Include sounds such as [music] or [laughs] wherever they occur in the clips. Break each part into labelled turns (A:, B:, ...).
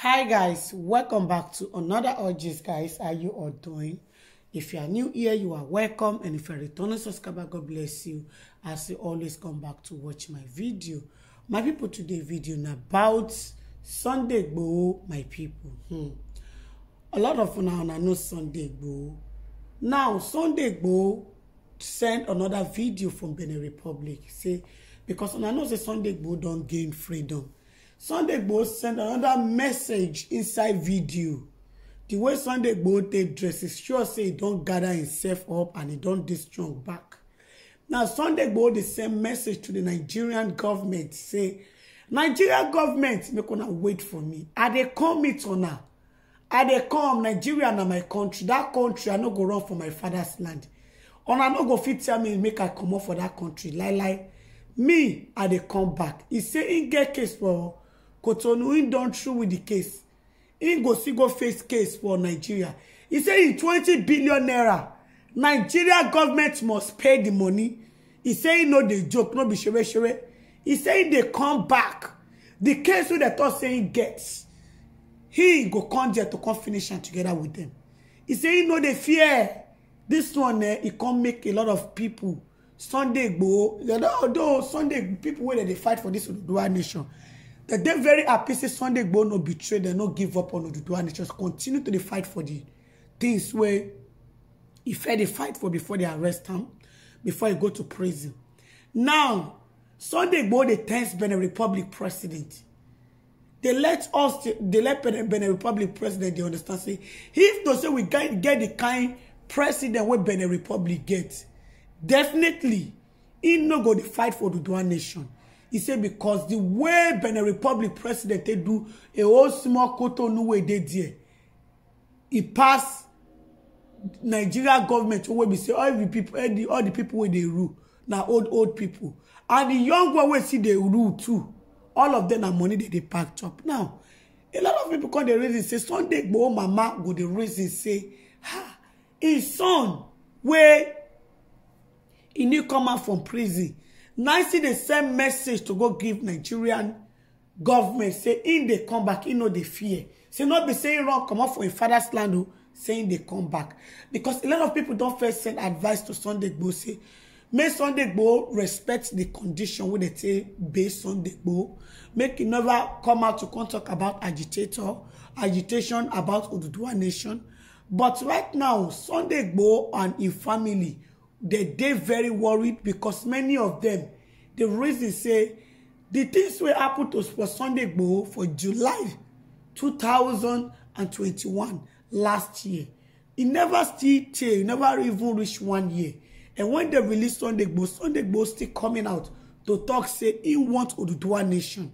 A: hi guys welcome back to another orgies guys how you all doing if you are new here you are welcome and if you're a returning subscriber god bless you as you always come back to watch my video my people today video na about Sunday Igboho my people hmm. a lot of una una know Sunday Igboho now Sunday Igboho send another video from Benin Republic say because una know say Sunday Igboho don gain freedom Sunday Igboho sent another message inside video. The way Sunday Igboho take dress is sure say he don gather himself up and he don't dey strong back. Now Sunday Igboho the same message to the Nigerian government say, Nigerian government make una wait for me. Are they come meet una. I they come Nigeria na my country. That country I no go run for my father's land. I no go fit tell me make I come up for that country. Lie lie. me i they come back He say in get case for Cotonou, he done through with the case. He go see go face case for Nigeria. He say in 20 billion naira, Nigeria government must pay the money. He say know the joke, no be shere shere. He say they come back. The case wey they thought saying gets, he go come there to come finish am together with them. He say he know the fear. This one, eh, he come make a lot of people Sunday go. although Sunday people where they fight for this Oduduwa nation They dey very happy say Sunday Igboho no betray dem no give up on Oduduwa and they just continue to dey fight for the things wey e fair dey fight for before they arrest am before he go to prison. Now, Sunday Igboho dey thanks Benin Republic president. They let us, they let Benin Republic president, they understand, say, if to say we get, get the kind president wey Benin Republic get, definitely, he no go dey fight for Oduduwa nation. He said, because the way Benin Republic president they do a whole small koto Cotonou way they did, he passed Nigeria government wey be say all the people, all the, people wey dey rule na old old people, and the young one wey see dey rule too. All of them na money that they packed up. Now, a lot of people come dey reason say Sunday Igboho mama go dey reason say, ha, his son wey he need come out from prison nineteen dey send message to go give nigerian government say im dey come back im no dey fear say no be say im run comot for im father's land o oh, say im dey come back because a lot of people don first send advice to sunday igboho say make sunday igboho respect the condition wey dem say base sunday igboho make e never come out to come talk about agitator agitation about oduduwa nation but right now sunday igboho and im family they they very worried because many of them, the reason say the things wey happen to for sunday gboo for july 2021 last year e never still tey e never even reach one year and when dem release sunday gboo sunday gboo still coming out to talk. say e want oduduwa nation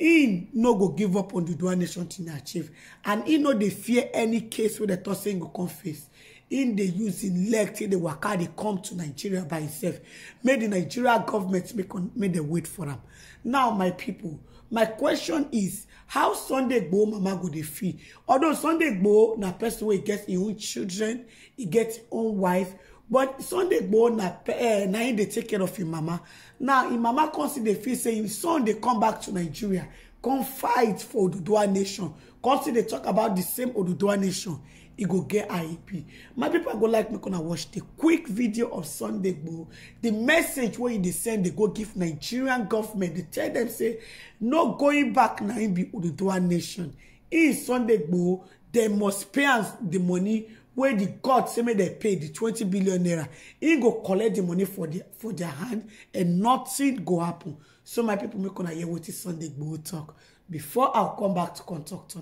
A: e no go give up on oduduwa nation to achieve and e no dey fear any case wey dem tok say im go come face In the use im leg till waka dey come to nigeria by himself make the nigeria government make dem wait for am now my people, my question is how sunday gboo mama go dey feel although sunday gboo na person wey gets his own children he gets his own wife but sunday gboo na eh, im dey take care of im mama now im mama consider still feel say im son dey come back to nigeria come fight for Oduduwa nation come still they talk about the same Oduduwa nation e go get IEP my people go like make una watch the quick video of Sunday Igboho the message wey they e send they go give Nigerian government They tell them say no going back now. be Oduduwa nation e Sunday Igboho dem must pay us the money wey di court say make dem pay di twenty billion naira im go collect di money for for dia hand and nothing go happen so my pipo make una hear wetin sunday gboo tok before i come back to contact to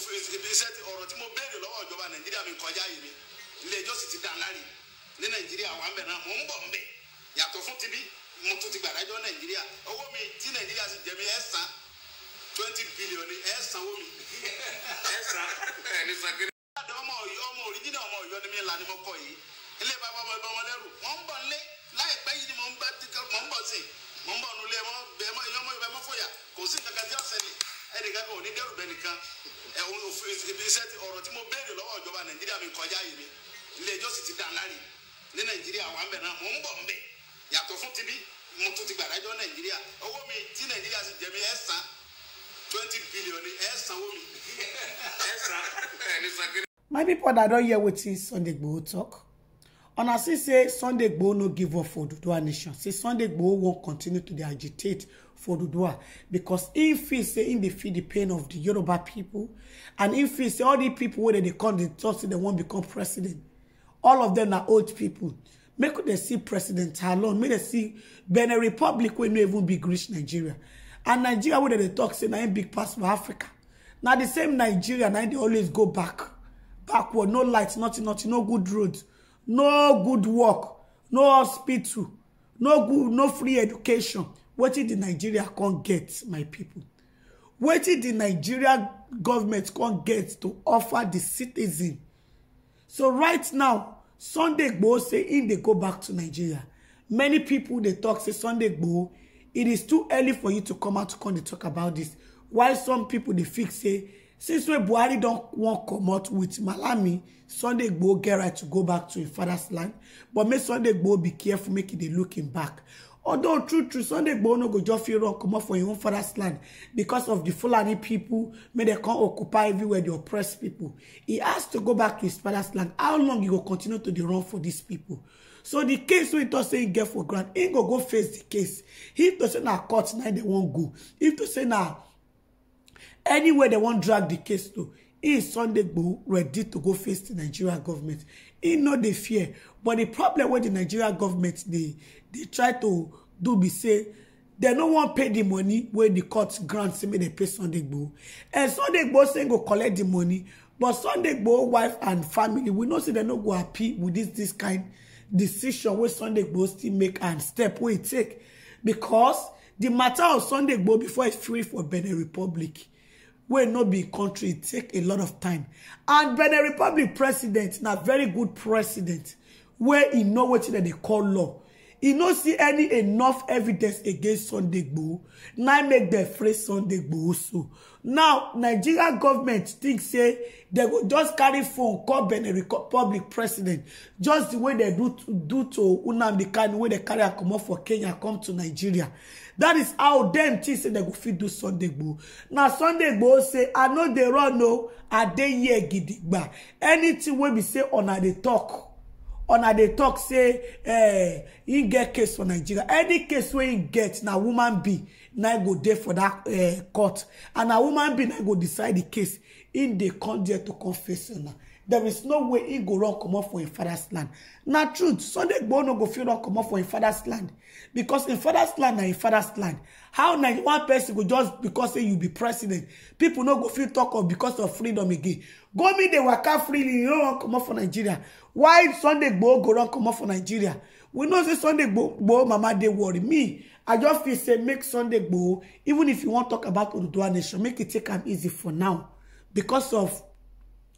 A: sí òfin ibi iṣẹ́ ọ̀rọ̀ tí mo béèrè lọ́wọ́ ìjọba nàìjíríà mi kọjá yìí mi ilé ẹjọ́ sì ti dàn lárí ní nàìjíríà wà ń bẹ̀ náà mò ń bọ̀ ń bẹ̀ yàtọ̀ fún tibí mo tún ti gbàdájọ́ nàìjíríà owó mi tí nàìjíríà sì jẹ mi ẹ̀ san twenty billion ẹ̀ sanwó mi ẹ̀ san ẹ̀ ní sakiri. ọmọ ọyọ ọmọ òrìjìnà ọmọ ọyọ ni mi là ni mo kọ yìí ilé bàbá ọmọ ìbọn ọmọlẹ́rù mò ń bọ̀ nlé láìpẹ́ yìí ni mò ń bá mò ń bọ̀ sí mò ń bọ̀ nulẹ̀ mọ́ bẹ́ẹ̀ mọ́ ìyọ́mọ́ ìbẹ́ mọ́ fòyà kò sí kankan tí ọ̀sẹ̀ ni ẹnìkan kan ò ní dẹ́rù bẹ́ẹ̀ nìkan ẹ̀hún òfin iṣẹ́ ọ̀rọ̀ tí mo béèrè lọ́wọ́ ìjọba nàìjíríà mi kọjá yìí mi ilé ẹjọ́ sì ti dàn lárí ní nàìjíríà wà ń bẹ̀ náà mò ń bọ̀ ń bẹ̀ yàtọ̀ fún tibí mo tún ti gbàdájọ́ nàìjíríà owó mi tí nàìjíríà sì jẹ ẹ̀ san twenty billion ẹ̀ sanwó mi ẹ̀ san my pipo that don hear wetin sunday gboo talk, una see say sunday gboo no give up for oduduwa nation say sunday gboo wan continue to dey agitate for oduduwa because im feel say im dey feel the pain of the yoruba people, and im feel say all the people wey dem dey come dey tok say dem wan become president all of them are old people. make dem see president talon make dem see benin republic wey no even be reach nigeria and nigeria wey they talk say now big pass for africa Now the same nigeria now they always go back backward no lights, nothing nothing no good roads, no good work no hospital no good no free education wetin di nigeria can't get my people? What did the nigeria government can't get to offer the citizen So right now, Sunday Igboho say if they go back to Nigeria. Many people they talk say Sunday Igboho, it is too early for you to come out to come and talk about this. While some people they fix say since wey Buhari don come out with Malami, Sunday Igboho get right to go back to his father's land. But make Sunday Igboho be careful making the looking back. Although true, true, Sunday Bono go just feel wrong, come up for your own father's land because of the Fulani people, may they come occupy everywhere, the oppressed people. He has to go back to his father's land. How long he will continue to the run for these people? So the case wey talk say he get for grant, he go go face the case. If to say na court, now they won't go. If to say na anywhere they won't drag the case to, he Sunday Igboho ready to go face the Nigeria government. He no dey fear, but the problem wey the Nigeria government dey They try to do be say they no want pay the money where the court grants say make they pay sunday Bo, and sunday Bo saying go collect the money but sunday Bo wife and family we know say they no go happy with this this kind decision where sunday Bo still make and step where e take because the matter of sunday Bo before e free for benin republic will not be country take a lot of time and benin republic president not very good president where e know wetin dem dey call law e no see any enough evidence against sunday gboo na make the phrase sunday gboo so now nigeria government thinks say they go just carry phone call benin republic president just the way they do to do to Unamdi kanu wey they carry a come comot for kenya come to nigeria that is how them think say they go fit do sunday gboo na sunday gboo say i know they run no. i dey here gidigba anything wey be say on una the talk una dey talk say eh him get case for nigeria any case wey him get na woman be na e go dey for dat eh, court and na woman be na e go decide di case him dey come there to confess una there is no way he go run comot for im father's land na truth sunday igboho no go fit run comot for im father's land because im father's land na im father's land how na one person go just because say you be president people no go fit talk of because of freedom again gomi dey waka freely e no run comot for nigeria why sunday igboho go run comot for nigeria we know say sunday gboo mama dey worry me i just feel say make sunday gboo even if you wan talk about oduduwa nation make e take am easy for now because of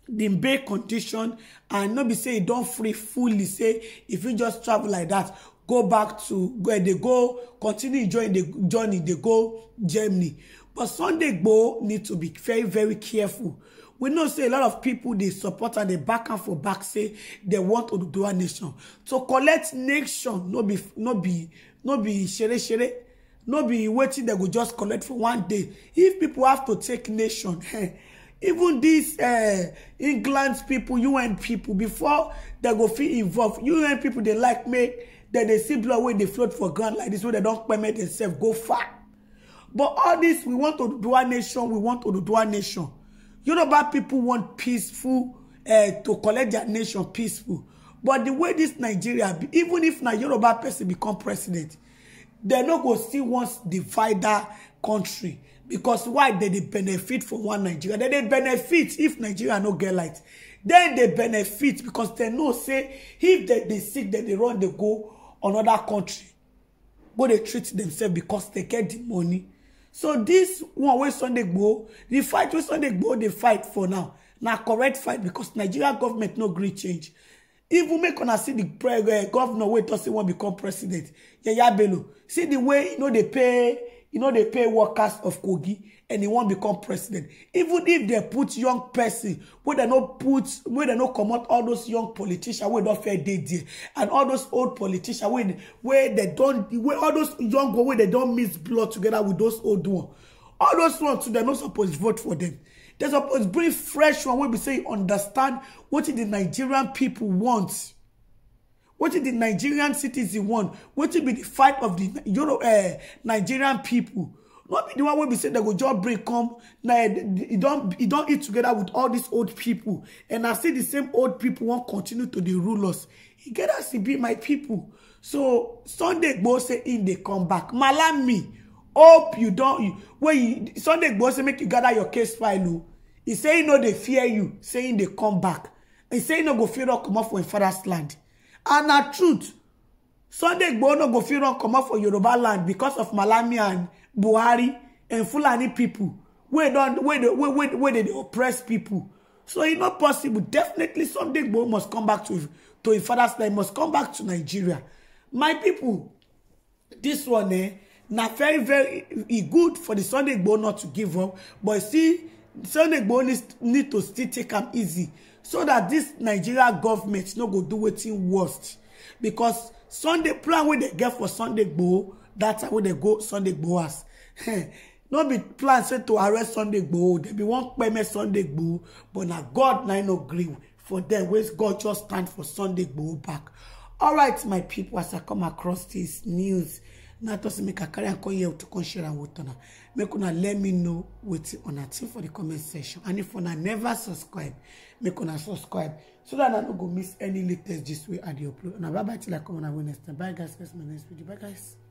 A: The bail condition and no be say e don free fully say e fit just travel like that go back to where dey go continue join the journey dey go germany but sunday gboo need to be very very careful we know say a lot of people dey support and dey back am for back say dem want oduduwa nation to collect nation no be be be shere shere no be wetin dem go just collect for one day if people have to take nation [laughs] eh, even dis uh, england people, un people, before they go feel involved, un people they like make dem they see blood they float for ground like this wey they don't permit themselves go far but all this we want to do oduduwa nation we want to do oduduwa nation You know bad people want peaceful uh, to collect their nation peaceful but the way this nigeria even if na yoruba person become president dem no go once divide that country because why they dey benefit from one nigeria dem dey benefit if nigeria no get light Then they benefit because they know say if they dey sick dem dey run they go another country But they treat themselves because they get the money so this one way sunday go the fight wey sunday gboo dey fight for now Now correct fight because nigeria government no great change If we make una see di eh, govnor wey tok want wan become president yeah yeah bello see the way e no they pay You know they pay workers of kogi and he won't become president even if they put young person where they not put where they not come out all those young politicians where not fair day there and all those old politicians where where they don't, where all those young one wey they don't mix blood together with those old one all those ones too dem no suppose vote for dem dem suppose bring fresh one wey be say e understand wetin the nigerian people want What wetin the nigerian citizen want What wetin be the fight of the you know di nigerian people? Not be the one wey be say dem go job break come eh, don't e don't eat together with all these old people. and i see the same old people won't continue to dey rule us e get as to e be my people. so sunday gboo say in they come back Malam me, hope you don't. don sunday gboo say make you gather your case file o oh. e say e no they fear you Saying they come back He say e no go fear up comot for im father's land and na truth sunday igboho go fit run comot for yoruba land because of malami and buhari and fulani people. Where where where don't the where where they oppress people? so e not possible definitely sunday igboho must come back to to his father's land must come back to nigeria my people, this one eh not very very e good for the sunday igboho to give up but see sunday igboho need to still take him easy so that this nigeria government no go do wetin worst because sunday plan wey dem get for sunday gboo dat time wey dem go sunday gboo as [laughs] no be plan say to arrest sunday gboo dem be wan permit sunday gboo but na god na no gree for dem wey god just stand for sunday gboo back All right, my people, as i come across this news na just make i carry am come here to come share am with una make una let me know wetin una think for the comment section and if una never subscribe make una subscribe so that i no go miss any latest gist wey i dey upload una bye bye till i come on time. bye guys guys my next video bye guys